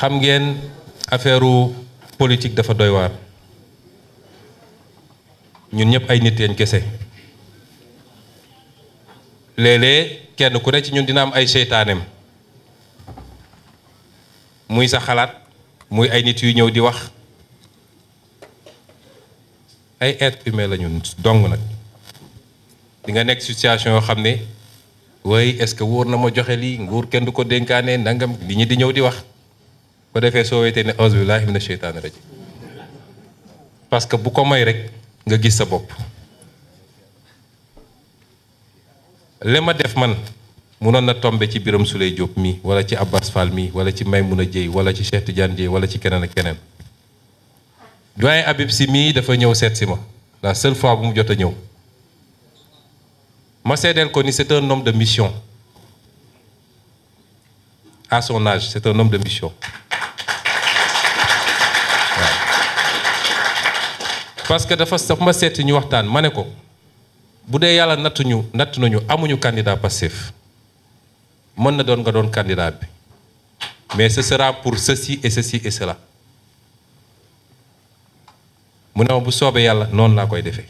xam ngeen affaire politique dafa doy waan ñun ñëpp ay nit leen kese léeg-léeg kenn ku ne ci ñun dina am ay seytaanem muy sa xalaat muy ay nit yu ñëw di wax ay être humain la ñu dong nag di nga nekk situation yoo xam ne waaye est-ce que wóor na ma joxe lii nguur kenn du ko dénkaane ndangam li ñu di ñëw di wax bu defee soo wéetee ne aus billahi mina sheytaani rajim parce que bu ko may rek nga gis sa bopp li ma def man munoon na tombé ci Biram Souleye Diop mii wala ci Abbas Fall mii wala ci Maymouna Dieye wala ci Cheikh Tidiane Dieye wala ci keneen ak keneen doyen Habib si mii dafa ñëw seet si ma la seule fois bu mu jot a ñëw ma seedeel ko ni c'est un homme de mission à son âge c'est un homme de mission parce que dafa saf ma ñu waxtaan ma ko budé yalla yàlla nattuñu natt nañu amuñu candidat passif mën na doon nga doon candidat bi mais ce sera pour ceci et ceci et cela mu ne bu soobee yalla non la koy défé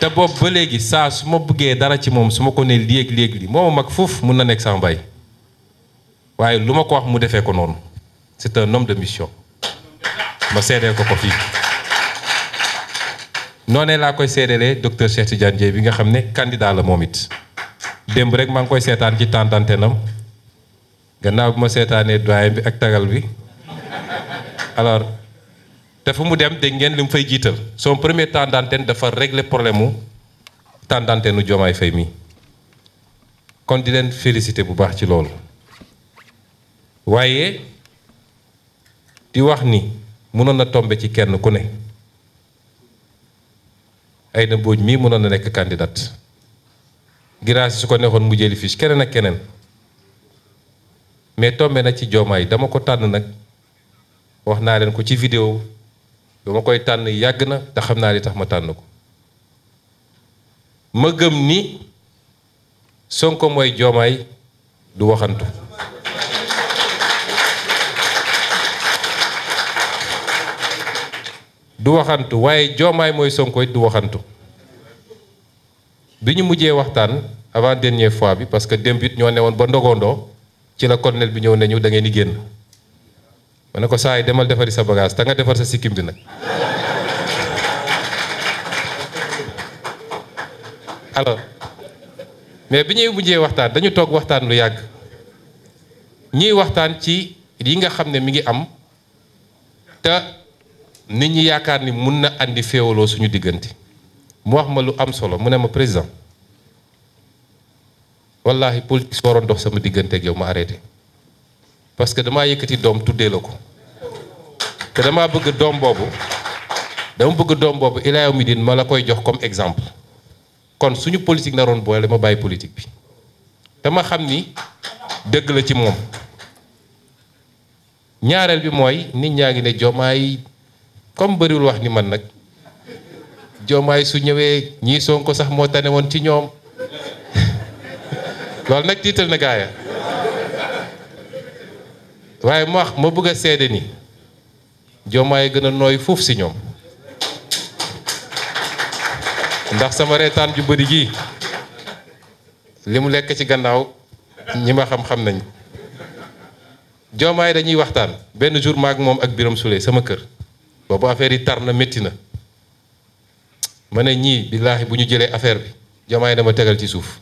te boobu ba légui sa suma ma dara ci mom suma ko ne li mag na nek sama waye luma ko wax mu défé ko non c'est un homme de mission ma sédé ko ko fi noné la koy seedeelee docteur Cheikh Tidiane djé bi nga xamné ne candidat la momit demb rek maa ngi koy seetaan ci nam gannaaw ma seetaanee doyen bi ak tagal bi alors dafa mu dem dégg ngén lim fay jital son premier tantanté da fa régler problème mu nu jomay fay mi kon di len féliciter bu baax ci lool wayé di wax ni mënoon na tombe ci kenn ku ne na Mbodj mii mënoon na nekk candidate Guirassy su ko neexoon mu jëli fiche keneen ak keneen mais tombe na ci Diomaye dama ko tànn nag wax naa leen ko ci vidéo ba ma koy tànn yàgg na te xam naa li tax ma tànn ko ma gëm ni Sonko mooy joomaay du waxantu du waxantu waye jomay moy sonko du waxantu biñu mujjé waxtan avant dernière fois bi parce que dembit it ñoo ne ba ndogondo ci la colonel bi ñëw nañu da ngay ni genn ma ko demal defari sa bagage ta nga defar sa sikim bi nak alors mais bi mujjé waxtan dañu tok waxtan lu yag, ñi waxtan ci li nga xamné mi ngi am te nit ñi yaakaar ni mun na andi féewaloo suñu diggante mu wax ma lu am solo mu ne ma président wallahi politique su waroon dox sama diggante ak yow ma arrêté parce que damaa yëkkati doom tuddee la ko te damaa bëgg doom boobu dama bëgg doom boobu ilaa yow mi din ma la koy jox comme exemple kon suñu politique naroon boole ma bàyyi politique bi dama xam ni dëgg la ci moom ñaareel bi mooy nit ñaa ngi ne Diomaye comme beurul wax ni man nak jomay su ñewé ñi Sonko sax mo tane won ci ñom lol nak tiital na gaaya waye mo wax mo bëgg sédé ni jomay gëna noy fuf ci si ndax sama rétan ju bëri gi limu lek ci gannaaw ñi ma xam-xam nañ jomay dañuy waxtaan ben jour mom ak biram sama kër boobu affaire yi tar na métti na ma ne ñii billaahi bu ñu jëlee affaire bi Diomaye dama tegal ci suuf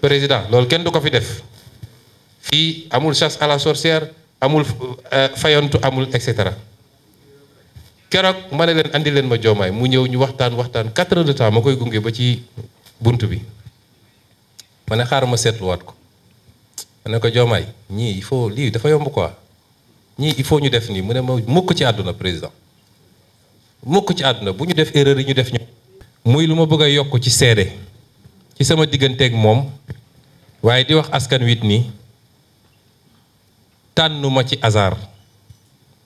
président loolu kenn du ko fi def fii amul chasse à la sorcière amul euh, fayantu amul et cetera keroog ma ne leen indi leen ma Diomaye mu ñëw ñu waxtaan waxtaan quatre heures de temps ma koy gunge ba ci bunt bi ma ne xaaral ma seetluwaat ko ma ne ko Diomaye ñii il faut lii dafa yomb quoi. ñii il faut ñu def nii mu ne ma mukk ci àdduna président mukk ci àdduna bu ñu def erreur yi ñu def ñu muy lu ma bëgg a yokk ci seede ci sama digganteeg moom waaye di wax askan wit nii tànnuma ci hasard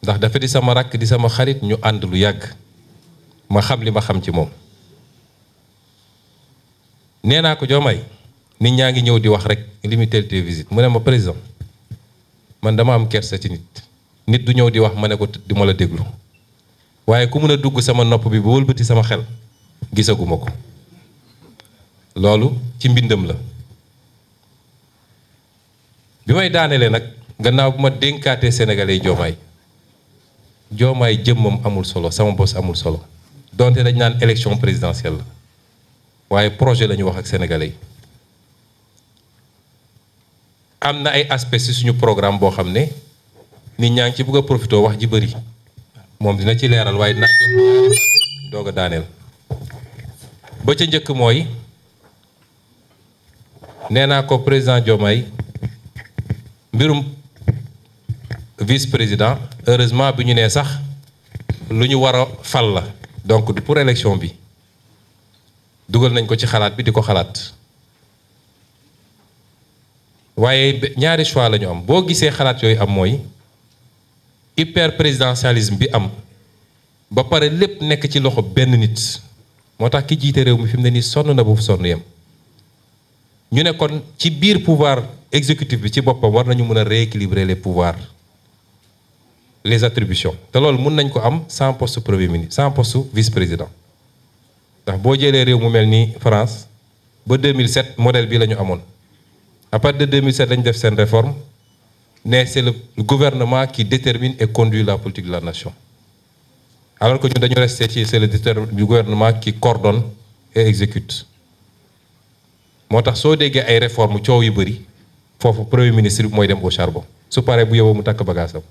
ndax dafa di sama rakk di sama xarit ñu ànd lu yàgg ma xam li ma xam ci moom nee naa ko Diomaye nit ñaa ngi ñëw di wax rek limité visite mu ne ma président man dama am kersa ci nit nit du ñëw di wax ma ne ko di ma la déglu waaye ku mun a dugg sama nopp bi ba wëlbati sama xel gisaguma ko loolu ci mbindam la bi may daanelee nag gannaaw bu ma dénkaate sénégalais yi joomaay joomaay jëmmam amul solo sama bos amul solo donte dañ naan élection présidentielle la waaye projet la wax ak sénégalais yi am na ay aspects ci suñu programme boo xam ne nit ñaa ngi ci bëgg a profité wax ji bëri moom dina ci leeral waaye dinaa jëm doog a daaneel ba ca njëkk mooy nee naa ko président Diomaye mbirum vice président heureusement bi ñu nee sax lu ñu war a fal la donc du pour élection bi dugal nañ ko ci xalaat bi di ko xalaat waaye ñaari choix la ñu am boo gisee xalaat yooyu am mooy hyper présidentialisme bi am ba pare lépp nekk ci loxo benn nit moo tax ki jiite réew mi fi mu ne nii sonn na boobu sonn yem ñu ne kon ci biir pouvoir exécutif bi ci boppam war nañu mën a rééquilibrer les pouvoirs les attributions te loolu mun nañ ko am sans poste premier ministre sans poste vice président ndax boo jëlee réew mu mel ni France ba 2007 modèle bi la ñu amoon à partir de 2007 lañ def seen réforme. mais c'est le gouvernement qui détermine et conduit la politique de la nation. Alors que nous devons rester c'est le gouvernement qui coordonne et exécute. Moi, tax soo déggee ay réformes Il yu que le premier ministre soit dem au charbon su n'est bu le cas. takk bagaasam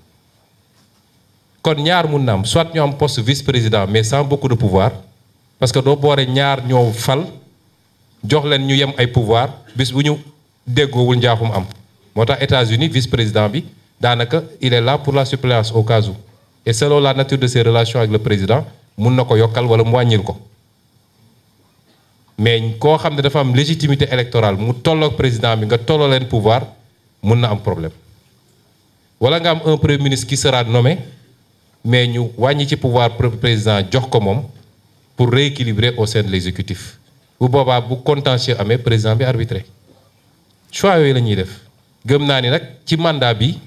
kon ñaar mun na soit ñu am poste vice président mais sans beaucoup de pouvoir parce que nous avons ñaar ñoo fal jox un ñu yem ay pouvoir bis bu nous avons am en États-Unis vice-président il est là pour la suppléance au cas où et selon la nature de ses relations avec le président il n'y a pas wala problème. mais quand on a une légitimité électorale mu le président bi nga tolloo pouvoir il a un problème wala nga un premier ministre qui sera nommé mais ñu pas le pouvoir président jox ko pour rééquilibrer au sein de l'exécutif bu boobaa bu contentieux le président bi arbitré choix yooyu la gëm nak ci mandat bi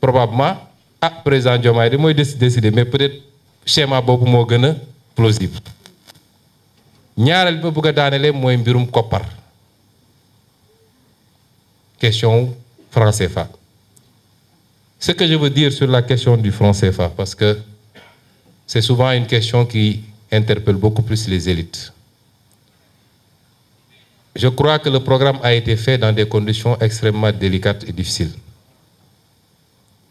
probablement ah président Diomaye di mooy décider mais peut-être schéma bobu mo gëna plausible ñaaral bi bëgg a daanelee mbirum koppar question franc CFA ce que je veux dire sur la question du franc CFA parce que c'est souvent une question qui interpelle beaucoup plus les élites je crois que le programme a été fait dans des conditions extrêmement délicates et difficiles.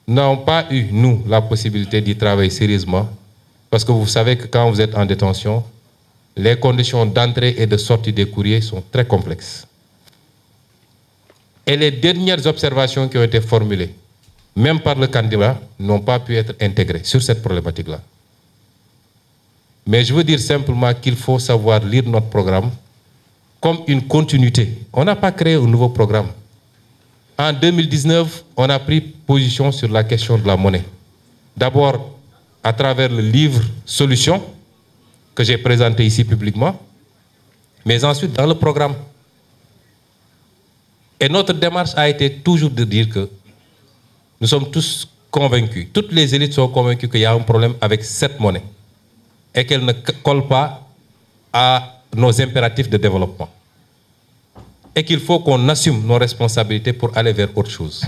Nous n'avons pas eu, nous, la possibilité d'y travailler sérieusement, parce que vous savez que quand vous êtes en détention, les conditions d'entrée et de sortie des courriers sont très complexes. Et les dernières observations qui ont été formulées, même par le candidat, n'ont pas pu être intégrées sur cette problématique-là. Mais je veux dire simplement qu'il faut savoir lire notre programme comme une continuité. On n'a pas créé un nouveau programme. En 2019, on a pris position sur la question de la monnaie. D'abord, à travers le livre "Solution" que j'ai présenté ici publiquement, mais ensuite dans le programme. Et notre démarche a été toujours de dire que nous sommes tous convaincus, toutes les élites sont convaincues qu'il y a un problème avec cette monnaie et qu'elle ne colle pas à nos impératifs de développement et qu'il faut qu'on assume nos responsabilités pour aller vers autre chose.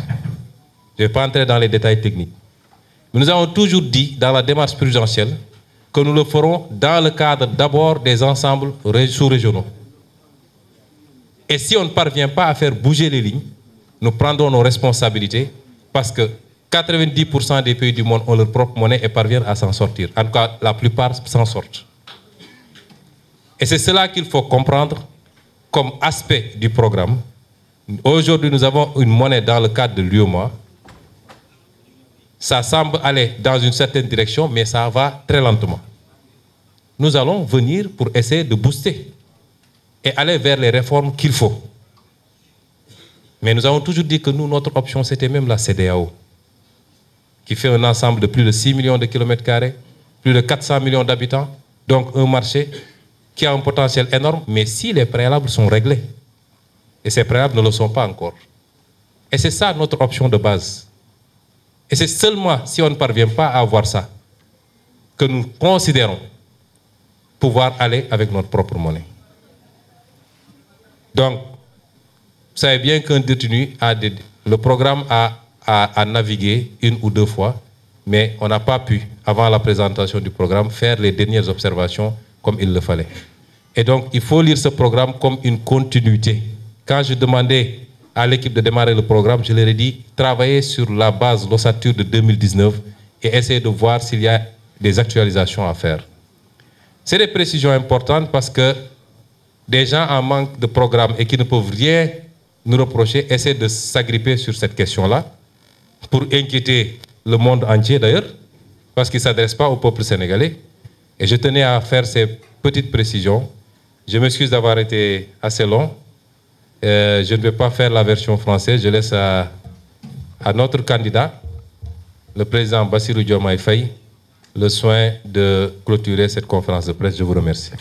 Je ne vais pas entrer dans les détails techniques. Mais nous avons toujours dit dans la démarche prudentielle que nous le ferons dans le cadre d'abord des ensembles sous-régionaux. Et si on ne parvient pas à faire bouger les lignes, nous prendrons nos responsabilités parce que 90% des pays du monde ont leur propre monnaie et parviennent à s'en sortir. En tout cas, la plupart s'en sortent. Et c'est cela qu'il faut comprendre comme aspect du programme. Aujourd'hui, nous avons une monnaie dans le cadre de l'UMA. Ça semble aller dans une certaine direction, mais ça va très lentement. Nous allons venir pour essayer de booster et aller vers les réformes qu'il faut. Mais nous avons toujours dit que nous, notre option, c'était même la CDAO, qui fait un ensemble de plus de 6 millions de kilomètres carrés, plus de 400 millions d'habitants, donc un marché qui a un potentiel énorme, mais si les préalables sont réglés, et ces préalables ne le sont pas encore. Et c'est ça notre option de base. Et c'est seulement si on ne parvient pas à avoir ça que nous considérons pouvoir aller avec notre propre monnaie. Donc, vous savez bien qu'un détenu a des, le programme a, a navigué une ou deux fois, mais on n'a pas pu, avant la présentation du programme, faire les dernières observations comme il le fallait. Et donc, il faut lire ce programme comme une continuité. Quand je demandais à l'équipe de démarrer le programme, je leur ai dit, travaillez sur la base, l'ossature de 2019 et essayez de voir s'il y a des actualisations à faire. C'est des précisions importantes parce que des gens en manque de programme et qui ne peuvent rien nous reprocher essaient de s'agripper sur cette question-là pour inquiéter le monde entier d'ailleurs, parce qu'ils ne s'adressent pas au peuple sénégalais. Et je tenais à faire ces petites précisions je m'excuse d'avoir été assez long. Euh, je ne vais pas faire la version française. Je laisse à, à notre candidat, le président Bassirou Diomaye Faye, le soin de clôturer cette conférence de presse. Je vous remercie.